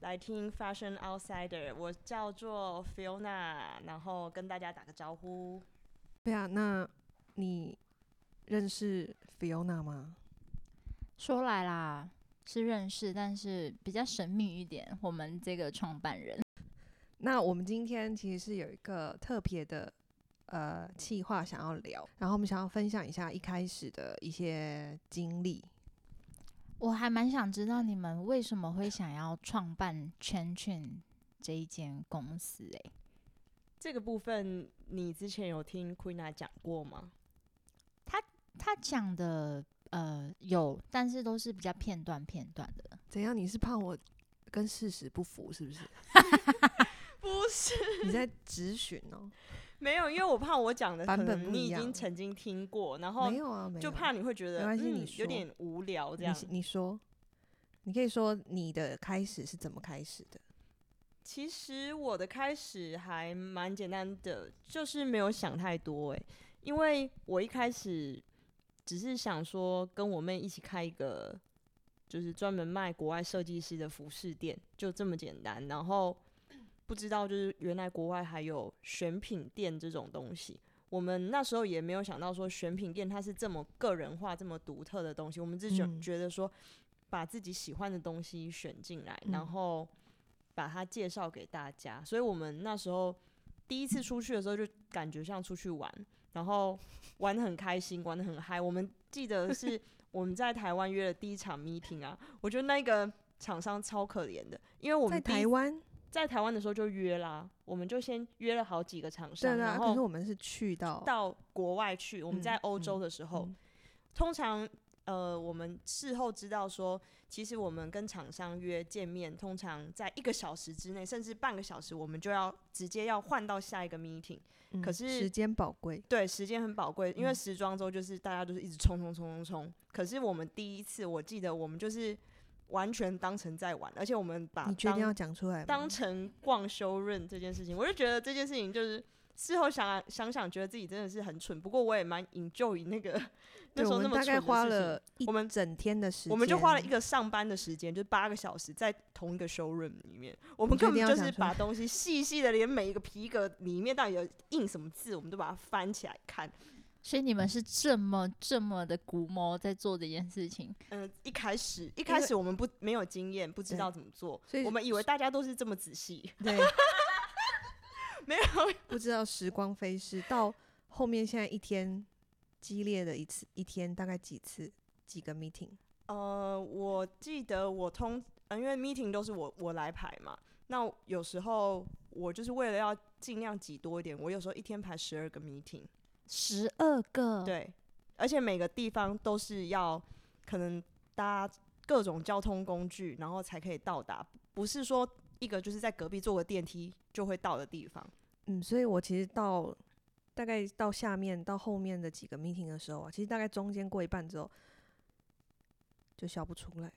來聽《Fashion Outsider》，我叫做 Fiona，然後跟大家打個招呼。對啊，那你認識 Fiona 嗎？說來啦，是認識，但是比較神秘一點。我們這個創辦人。那我們今天其實是有一個特別的，呃，企劃想要聊，然後我們想要分享一下一開始的一些經歷。我還蠻想知道你們為什麼會想要創辦 CHENCHUN 這一間公司誒？這個部分你之前有聽 Queena 講過嗎？他他講的呃，有，但是都是比較片段片段的。怎樣？你是怕我跟事實不符是不是？ 不是，你在質詢哦。沒有，因為我怕我講的可能你已經曾經聽過，然後就怕你會覺得，沒有啊，沒有，嗯、你有點無聊這樣你。你說，你可以說你的開始是怎麼開始的。其實我的開始還蠻簡單的，就是沒有想太多哎、欸，因為我一開始只是想說跟我妹一起開一個，就是專門賣國外設計師的服飾店，就這麼簡單。然後。不知道，就是原來國外還有選品店這種東西，我們那時候也沒有想到說選品店它是這麼個人化、這麼獨特的東西。我們只覺覺得說，把自己喜歡的東西選進來、嗯，然後把它介紹給大家。所以我們那時候第一次出去的時候，就感覺像出去玩，然後玩得很開心， 玩得很嗨。我們記得是我們在台灣約了第一場 meeting 啊， 我覺得那個廠商超可憐的，因為我們在台灣。在台灣的時候就約啦，我們就先約了好幾個廠商，對對對。然後可是我們是去到到國外去。我們在歐洲的時候，嗯嗯、通常呃，我們事後知道說，其實我們跟廠商約見面，通常在一個小時之內，甚至半個小時，我們就要直接要換到下一個 meeting、嗯。可是時間寶貴，對，時間很寶貴，因為時裝周就是大家都是一直衝衝衝衝衝。可是我們第一次，我記得我們就是。完全當成在玩，而且我們把你決定要講出來當成逛 showroom 這件事情，我就覺得這件事情就是事後想想想覺得自己真的是很蠢。不過我也蠻 enjoy 那個那時候那麼蠢的事情。我們大概花了一我們整天的時間，我們就花了一個上班的時間，就八、是、個小時在同一個 showroom 裡面。我們根本就是把東西細細的，連每一個皮革裡面到底有印什麼字，我們都把它翻起來看。所以你們是這麼這麼的龜毛，在做這件事情？嗯、呃，一開始一開始我們不沒有經驗，不知道怎麼做，所以我們以為大家都是這麼仔細。對， 沒有不知道時光飛逝，到後面現在一天激烈的一次一天大概幾次幾個 meeting？呃，我記得我通，呃、因為 meeting 都是我我來排嘛，那有時候我就是為了要盡量擠多一點，我有時候一天排十二個 meeting。十二個，對，而且每個地方都是要可能搭各種交通工具，然後才可以到達，不是說一個就是在隔壁坐個電梯就會到的地方。嗯，所以我其實到大概到下面到後面的幾個 meeting 的時候啊，其實大概中間過一半之後就笑不出來，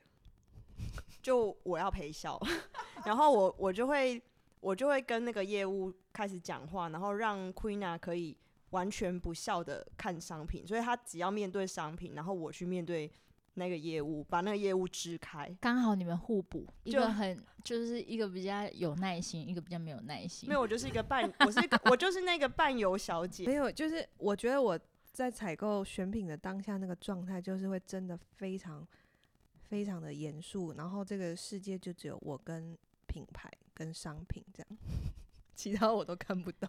就我要陪笑， 然後我我就會我就會跟那個業務開始講話，然後讓 Queena 可以。完全不笑的看商品，所以他只要面對商品，然後我去面對那個業務，把那個業務支開。剛好你們互補，就很就是一個比較有耐心，一個比較沒有耐心。沒有，我就是一個伴， 我是我就是那個伴遊小姐。 沒有，就是我覺得我在採購選品的當下那個狀態，就是會真的非常非常的嚴肅，然後這個世界就只有我跟品牌跟商品這樣， 其他我都看不到。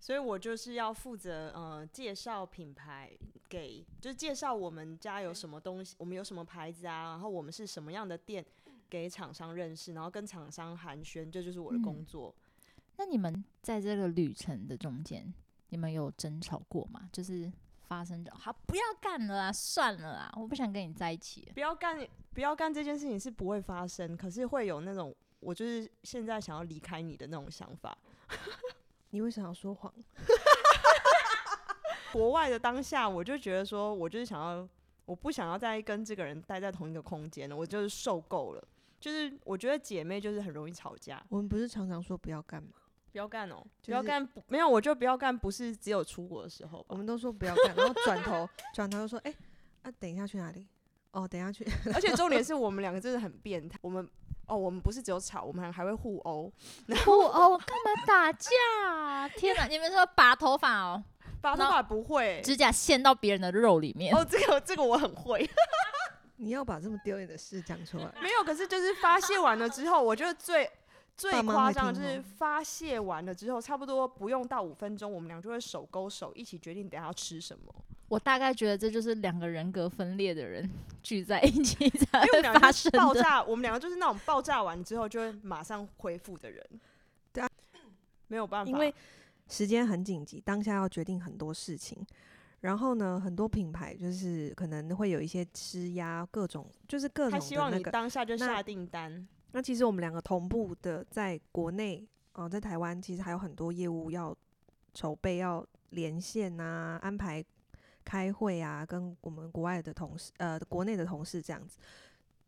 所以我就是要負責嗯，呃，介紹品牌給，就是介紹我們家有什麼東西，我們有什麼牌子啊，然後我們是什麼樣的店給廠商認識，然後跟廠商寒暄，這就是我的工作。嗯。那你們在這個旅程的中間，你們有爭吵過嗎？就是發生就，好，不要幹了啊，算了啊，我不想跟你在一起，不要幹，不要幹這件事情是不會發生，可是會有那種我就是現在想要離開你的那種想法。 你為什麼要說謊？ 國外的當下，我就覺得說，我就是想要，我不想要再跟這個人待在同一個空間了，我就是受夠了。就是我覺得姐妹就是很容易吵架。我們不是常常說不要幹嘛、不要幹哦、就是，不要幹，沒有，我就不要幹。不是只有出國的時候，我們都說不要幹，然後轉頭轉 頭就說，哎、欸，啊等一下去哪裡？哦，等一下去。而且重點是我們兩個真的很變態， 我們。哦，我們不是只有吵，我們還會互毆，互毆幹嘛打架？ 天哪！你們說拔頭髮哦，拔頭髮不會，指甲陷到別人的肉裡面。哦，這個這個我很會。 你要把這麼丟臉的事講出來？ 沒有，可是就是發洩完了之後，我覺得最最誇張的就是發洩完了之後，差不多不用到五分鐘，我們倆就會手勾手一起決定等下要吃什麼。我大概覺得這就是兩個人格分裂的人聚在一起才會發生的，因為我們兩個就是爆炸。 我們兩個就是那種爆炸完之後就會馬上恢復的人，對啊，沒有辦法，因為時間很緊急，當下要決定很多事情。然後呢，很多品牌就是可能會有一些施壓，各種就是各種的、那個。他希望你當下就下訂單那。那其實我們兩個同步的在國內，哦、呃，在台灣其實還有很多業務要籌備，要連線啊，安排。開會啊，跟我們國外的同事，呃，國內的同事這樣子，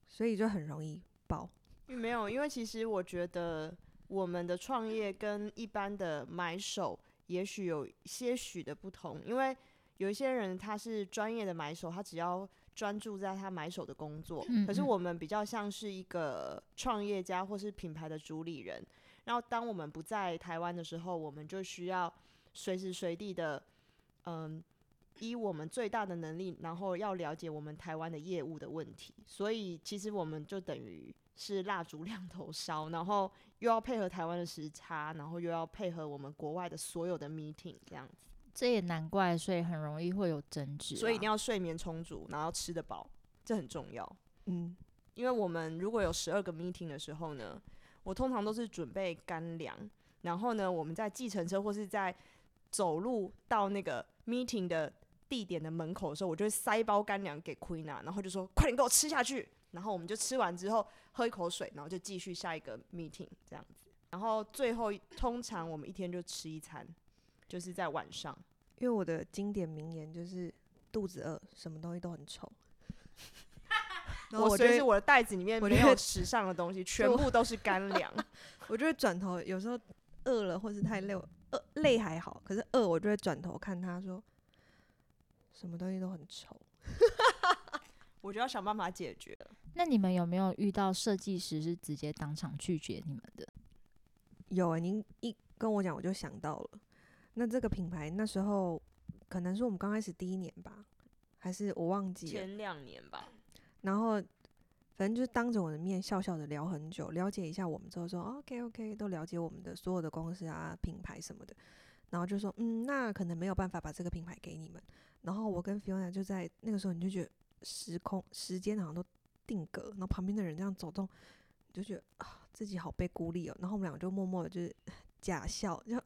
所以就很容易爆。嗯。沒有，因為其實我覺得我們的創業跟一般的買手也許有些許的不同，因為有一些人他是專業的買手，他只要專注在他買手的工作。可是我們比較像是一個創業家或是品牌的主理人，然後當我們不在台灣的時候，我們就需要隨時隨地的，嗯。依我們最大的能力，然後要了解我們台灣的業務的問題，所以其實我們就等於是蠟燭兩頭燒，然後又要配合台灣的時差，然後又要配合我們國外的所有的 meeting 這樣子。這也難怪，所以很容易會有爭執啊。所以一定要睡眠充足，然後吃得飽，這很重要。嗯，因為我們如果有十二個 meeting 的時候呢，我通常都是準備乾糧，然後呢我們在計程車或是在走路到那個 meeting 的。地點的門口的時候，我就會塞一包乾糧給 Queena，然後就說：“快點給我吃下去。”然後我們就吃完之後喝一口水，然後就繼續下一個 meeting 這樣子。然後最後通常我們一天就吃一餐，就是在晚上。因為我的經典名言就是“肚子餓，什麼東西都很臭。” 然後我就是我，我的袋子裡面沒有時尚的東西全部都是乾糧。就我， 我就會轉頭，有時候餓了或是太累，餓累還好，可是餓我就會轉頭看他說。什麼東西都很醜， 我就要想辦法解決。那你們有沒有遇到設計師是直接當場拒絕你們的？有、欸，您一跟我講，我就想到了。那這個品牌那時候可能是我們剛開始第一年吧，還是我忘記了前兩年吧。然後反正就是當着我的面，笑笑的聊很久，了解一下我們之後說、哦、OK OK，都了解我們的所有的公司啊、品牌什麼的。然後就說嗯，那可能沒有辦法把這個品牌給你們。然後我跟 Fiona 就在那個時候，你就覺得時空時間好像都定格，然後旁邊的人這樣走動，就覺得啊自己好被孤立哦。然後我們兩個就默默的，就是假笑，就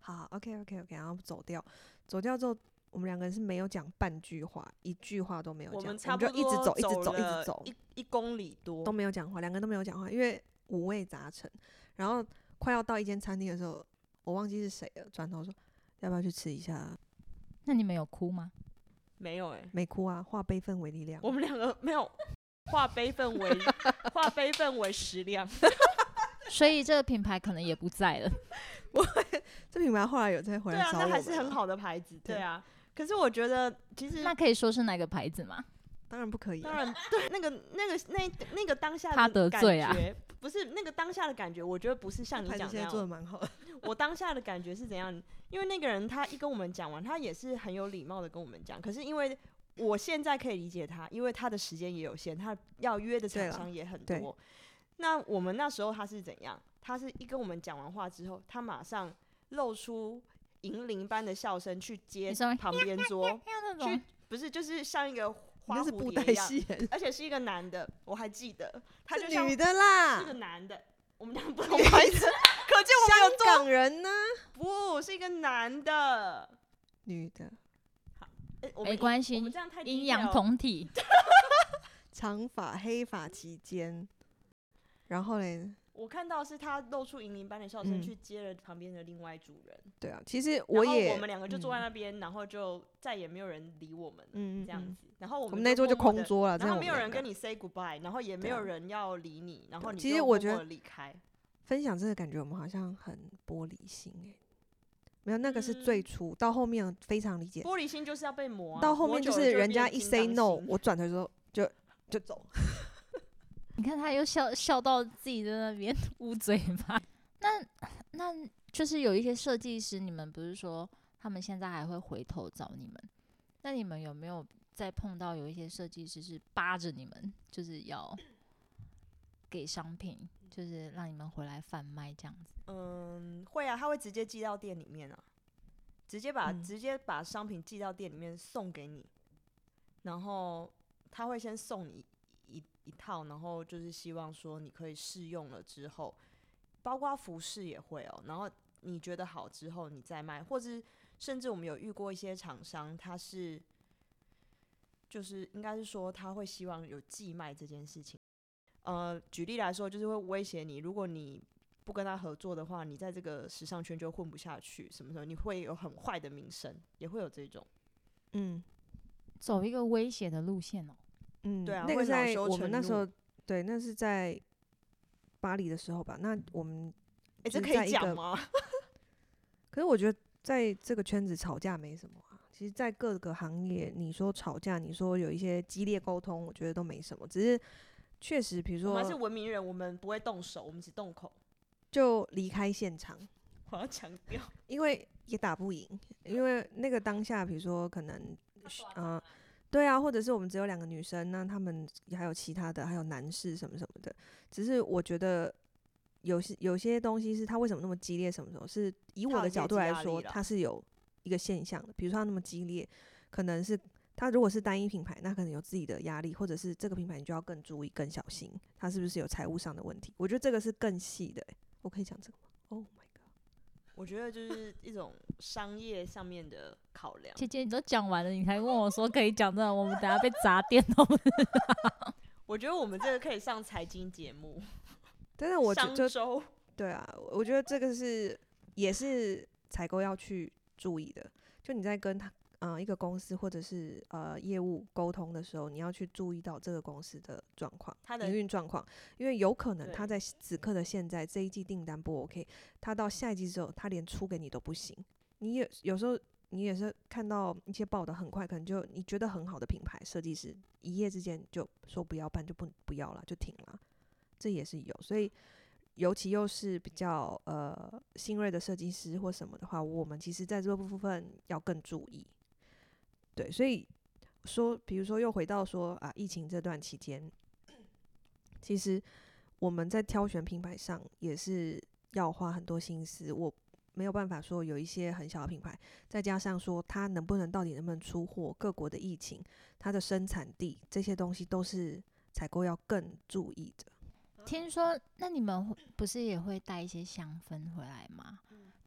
好 OK OK OK，然後走掉。走掉之後，我們兩個人是沒有講半句話，一句話都沒有講，我們，我們就一直走，走一直走，一直走，一一公里多都沒有講話，兩個都沒有講話，因為五味雜陳。然後快要到一間餐廳的時候，我忘記是誰了，轉頭說要不要去吃一下。那你沒有哭嗎？沒有誒、欸，沒哭啊，化悲憤為力量。我們兩個沒有，化 悲憤為化悲憤為食量。 所以這個品牌可能也不在了。我 這品牌後來有再回來找我們。對啊，它還是很好的牌子。對。對啊，可是我覺得其實那可以說是哪個牌子嘛？當然不可以。當然， 對那個那個那那個當下的感覺，啊、不是那個當下的感覺。我覺得不是像你講那樣的,的 我當下的感覺是怎樣？因為那個人他一跟我們講完，他也是很有禮貌的跟我們講。可是因為我現在可以理解他，因為他的時間也有限，他要約的廠商也很多。那我們那時候他是怎樣？他是一跟我們講完話之後，他馬上露出銀鈴般的笑聲去接旁邊桌，去,去不是就是像一個。應該是布袋戲，而且是一個男的，我還記得。是他女的啦，是個男的，我們倆不同牌子，女 可見我們有同人呢。不是一個男的，女的。好，欸、沒關係，我們這樣太低調了，陰陽同體， 長髮黑髮齊肩，然後嘞。我看到是他露出銀鈴般的笑聲去接了旁邊的另外一桌人，嗯。對啊，其實我也。我們兩個就坐在那邊、嗯，然後就再也沒有人理我們。嗯，這樣子、嗯嗯嗯，然後我們，我們，我們那桌就空桌了。然後沒有人跟你 say goodbye，然後也沒有人要理你，然後你，其實我覺得分享這個感覺，我們好像很玻璃心誒、欸，沒有，那個是最初、嗯，到後面非常理解。玻璃心就是要被磨、啊，到後面就是人家一 say no， 我轉頭之後就就走。 你看，他又笑笑到自己在那邊捂嘴巴。 那，那就是有一些設計師，你們不是說他們現在還會回頭找你們？那你們有沒有再碰到有一些設計師是扒着你們，就是要給商品，就是讓你們回來販賣這樣子？嗯，會啊，他會直接寄到店裡面啊，直接把、嗯、直接把商品寄到店裡面送給你，然後他會先送你。一套，然後就是希望說你可以試用了之後，包括服飾也會哦。然後你覺得好之後，你再賣，或者甚至我們有遇過一些廠商，他是就是應該是說他會希望有寄賣這件事情。呃，舉例來說，就是會威脅你，如果你不跟他合作的話，你在這個時尚圈就混不下去，什麼時候你會有很壞的名聲，也會有這種，嗯，走一個威脅的路線哦。嗯，對啊，那個在我們那時候，對，那是在巴黎的時候吧。那我們哎、欸，這可以講嗎？ 可是我覺得在這個圈子吵架沒什麼啊。其實，在各個行業，你說吵架，你說有一些激烈溝通，我覺得都沒什麼。只是確實，比如說，我們是文明人，我們不會動手，我們只動口，就離開現場。我要強調，因為也打不贏，因為那個當下，比如說可能啊。 呃對啊，或者是我們只有兩個女生，那他們還有其他的，還有男士什麼什麼的。只是我覺得有些有些東西是他為什麼那麼激烈？什麼什麼是？以我的角度來說，它是有一個現象的。比如說他那麼激烈，可能是他如果是單一品牌，那可能有自己的壓力，或者是這個品牌你就要更注意、更小心，它是不是有財務上的問題？我覺得這個是更細的、欸。我可以講這個嗎？哦、oh.。我覺得就是一種商業上面的考量。 姐姐，你都講完了，你還問我說可以講到我們等下被砸店都不知道。 我覺得我們這個可以上財經節目。但是我覺得，我商周，對啊，我覺得這個是也是採購要去注意的。就你在跟他。嗯、呃，一個公司或者是呃業務溝通的時候，你要去注意到這個公司的狀況、營運狀況，因為有可能他在此刻的現在這一季訂單不 OK，他到下一季之後，他連出給你都不行。你也有時候你也是看到一些爆得很快，可能就你覺得很好的品牌設計師，一夜之間就說不要辦就不不要了就停了，這也是有。所以尤其又是比較呃新銳的設計師或什麼的話，我們其實在這部分要更注意。對，所以說，比如說，又回到說啊，疫情這段期間，其實我們在挑選品牌上也是要花很多心思。我沒有辦法說有一些很小的品牌，再加上說它能不能到底能不能出貨，各國的疫情、它的生產地這些東西都是採購要更注意的。聽說，那你們不是也會帶一些香氛回來嗎？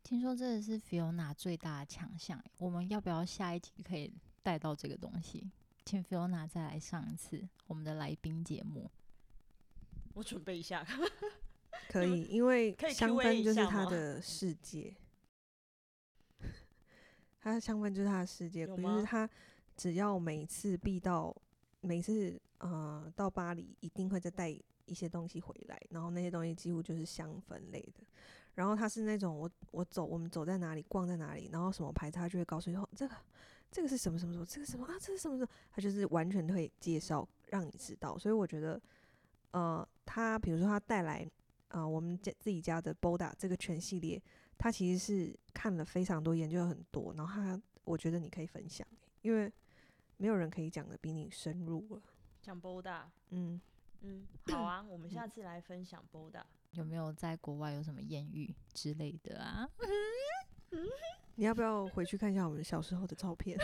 聽說這個是 Fiona 最大的強項。我們要不要下一題可以？帶到這個東西，請菲 i o n a 再來上一次我們的來賓節目。我準備一下。 可以，因為香氛就是他的世界。他的香氛就是他的世界，就是他只要每次必到，每次呃到巴黎一定會再帶一些東西回來，然後那些東西幾乎就是香氛類的。然後他是那種我我走我們走在哪裡逛在哪裡，然後什麼牌子他就會告訴你哦，這個。這個是什麼什麼？這個什麼啊？這是什麼什麼？他就是完全可以介紹讓你知道，所以我覺得，呃，他比如說他帶來啊、呃，我們家自己家的 Boda 這個全系列，他其實是看了非常多，研究很多，然後他，我覺得你可以分享、欸，因為沒有人可以講的比你深入了。講 Boda，嗯嗯，好啊，我們下次來分享 Boda。嗯、有沒有在國外有什麼豔遇之類的啊？ 你要不要回去看一下我們小時候的照片？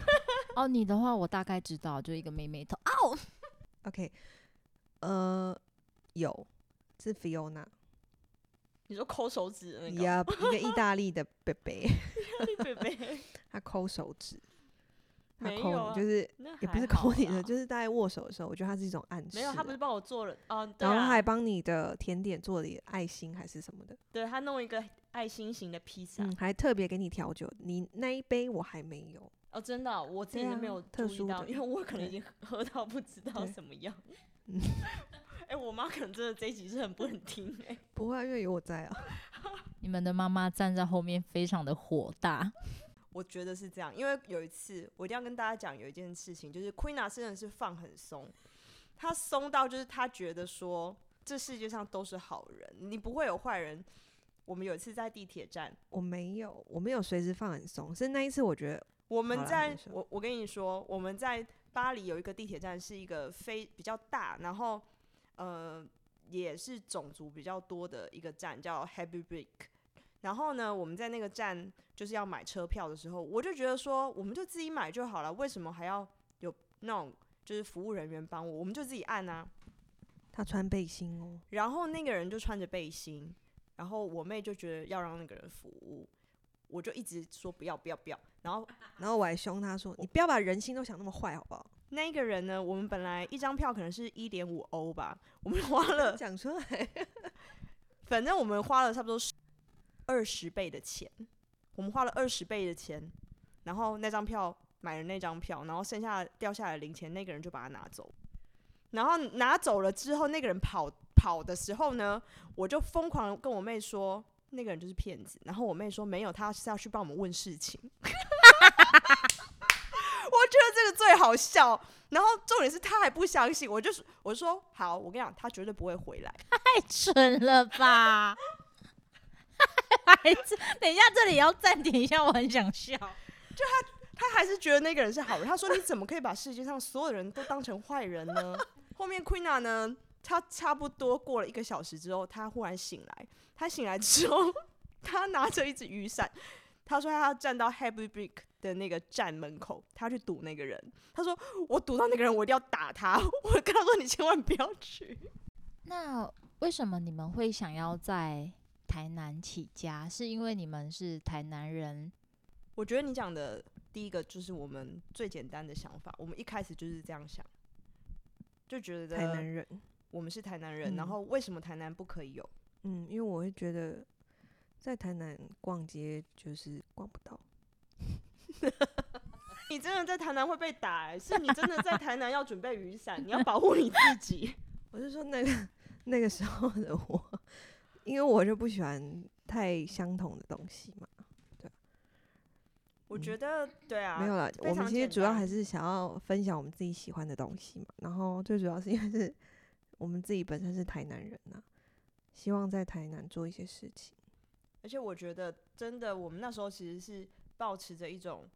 哦、 oh，你的話我大概知道，就一個妹妹頭。哦、oh!，OK，呃，有，是 Fiona。你說摳手指那個？Yep, 一個意大利的 baby， 他摳手指。你就是、沒有，就是、啊、也不是摳你的。就是大家握手的時候，我覺得它是一種暗示、啊。沒有，他不是幫我做了啊，對啊，然後他還幫你的甜點做了的愛心還是什麼的。對，他弄一個愛心型的披薩、嗯，還特別給你調酒，你那一杯我還沒有。哦，真的、哦，我今天沒有、啊、特殊到，因為我可能已經喝到不知道什麼樣。哎、 欸，我媽可能真的這一集是很不能聽哎、欸。不會、啊，因為有我在啊。你們的媽媽站在後面，非常的火大。我覺得是這樣，因為有一次我一定要跟大家講，有一件事情就是，Queena 真的是放很鬆，他鬆到就是他覺得說這世界上都是好人，你不會有壞人。我們有一次在地鐵站，我沒有，我沒有隨時放很鬆，所以那一次我覺得我們在我跟我跟你說，我們在巴黎有一個地鐵站，是一個非比較大，然後呃也是種族比較多的一個站，叫 Happy Brick。然後呢，我們在那個站就是要買車票的時候，我就覺得說，我們就自己買就好了，為什麼還要有那種就是服務人員幫我？我們就自己按啊。他穿背心哦。然後那個人就穿着背心，然後我妹就覺得要讓那個人服務，我就一直說不要不要不要。然後然後我還兇他說，你不要把人心都想那麼壞好不好？那個人呢，我們本來一張票可能是一點五歐吧，我們花了講出來， 反正我們花了差不多十。二十倍的錢，我們花了二十倍的錢，然後那張票買了那張票，然後剩下掉下來的零錢，那個人就把它拿走，然後拿走了之後，那個人跑跑的時候呢，我就瘋狂跟我妹說那個人就是騙子，然後我妹說沒有，他是要去幫我們問事情。 我覺得這個最好笑，然後重點是他還不相信，我就是我就說好，我跟你講，他絕對不會回來，太蠢了吧！ 孩子，等一下，這裡要暫停一下，我很想笑。就他，他還是覺得那個人是好人。他說：“你怎麼可以把世界上所有人都當成壞人呢？” 後面 Queena 呢，他差不多過了一個小時之後，他忽然醒來。他醒來之後，他拿着一只雨傘。他說：“他要站到 Happy Brick 的那個站門口，他去堵那個人。”他說：“我堵到那個人，我一定要打他。”我跟他說：“你千萬不要去。”那為什麼你們會想要在？台南起家是因為你們是台南人？我覺得你講的第一個就是我們最簡單的想法，我們一開始就是這樣想，就覺得台南人，我們是台南人，嗯，然後為什麼台南不可以有？嗯，因為我會覺得在台南逛街就是逛不到。 你真的在台南會被打欸，是你真的在台南要準備雨傘， 你要保護你自己。 我是說那個那個時候的我。因為我就不喜歡太相同的東西嘛，對。我覺得，嗯、對啊，沒有啦。我們其實主要還是想要分享我們自己喜歡的東西嘛。然後最主要是因為是我們自己本身是台南人吶、啊，希望在台南做一些事情。而且我覺得，真的，我們那時候其實是抱持著一種，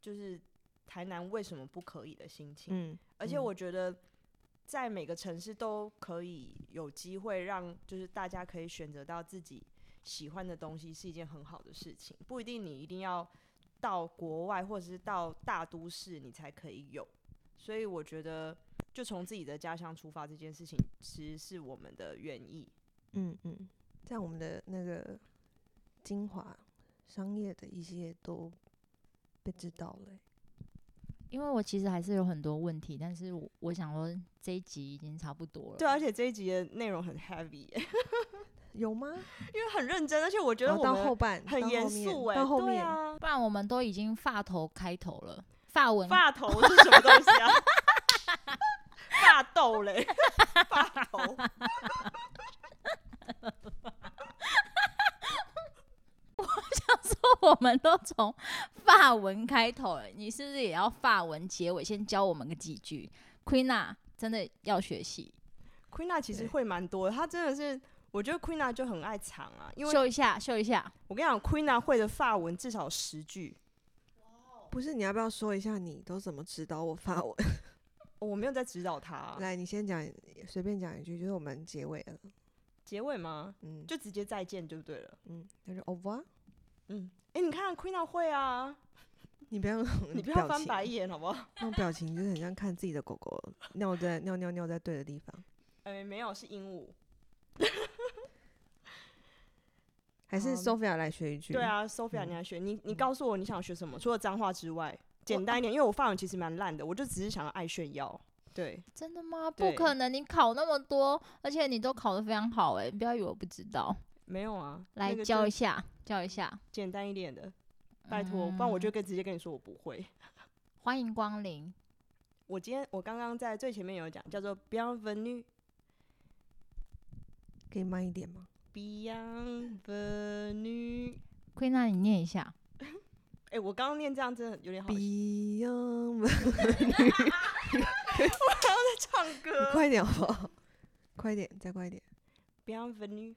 就是台南為什麼不可以的心情。嗯嗯、而且我覺得。在每個城市都可以有機會讓，就是大家可以選擇到自己喜歡的東西，是一件很好的事情。不一定你一定要到國外或者是到大都市你才可以有，所以我覺得就從自己的家鄉出發這件事情，其實是我們的原意。嗯嗯，在我們的那個精華商業的一些都被知道了欸。因為我其實還是有很多問題，但是我，我想說這一集已經差不多了。對，而且這一集的內容很 heavy，、欸、 有嗎？因為很認真，而且我覺得我們、欸哦、到後半到後面很嚴肅欸，對啊，不然我們都已經發頭開頭了，發文發頭是什麼東西啊？發 豆嘞，發頭。 我們都從法文開頭，你是不是也要法文結尾？先教我們個幾句 Queena 真的要學習。Queena 其實會蠻多的，他真的是，我覺得 Queena 就很愛藏啊。秀一下，秀一下。我跟你講 Queena 會的法文至少十句、wow。不是，你要不要說一下你都怎麼指導我法文？ oh, 我沒有在指導他、啊。來，你先講，隨便講一句，就是我們結尾了。結尾嗎？嗯，就直接再見就對了。嗯，就是 over。嗯。哎、欸，你看 Queena 會啊！你不要， 你不要翻白眼，好不好？那種表情，就是很像看自己的狗狗 尿在尿尿，尿在對的地方。哎、欸，沒有，是鸚鵡。 還是 Sophia 來學一句？啊對啊，Sophia，你來學。嗯、你你告訴我你想學什麼？嗯、除了髒話之外，簡單一點，因為我發語其實蠻爛的，我就只是想要愛炫耀。對，真的嗎？不可能，你考那麼多，而且你都考得非常好、欸，哎，不要以為我不知道。沒有啊，來教一下，教一下，簡單一點的，拜托、嗯，不然我就可以直接跟你說我不會。歡迎光臨，我今天我剛剛在最前面有講叫做 Bienvenue 可以慢一點嗎？Bienvenue 可以那你念一下，哎、 欸，我剛剛念這樣真的有點好笑 Bienvenue 我還要在唱歌，你快點好不好？快點，再快點。Bienvenue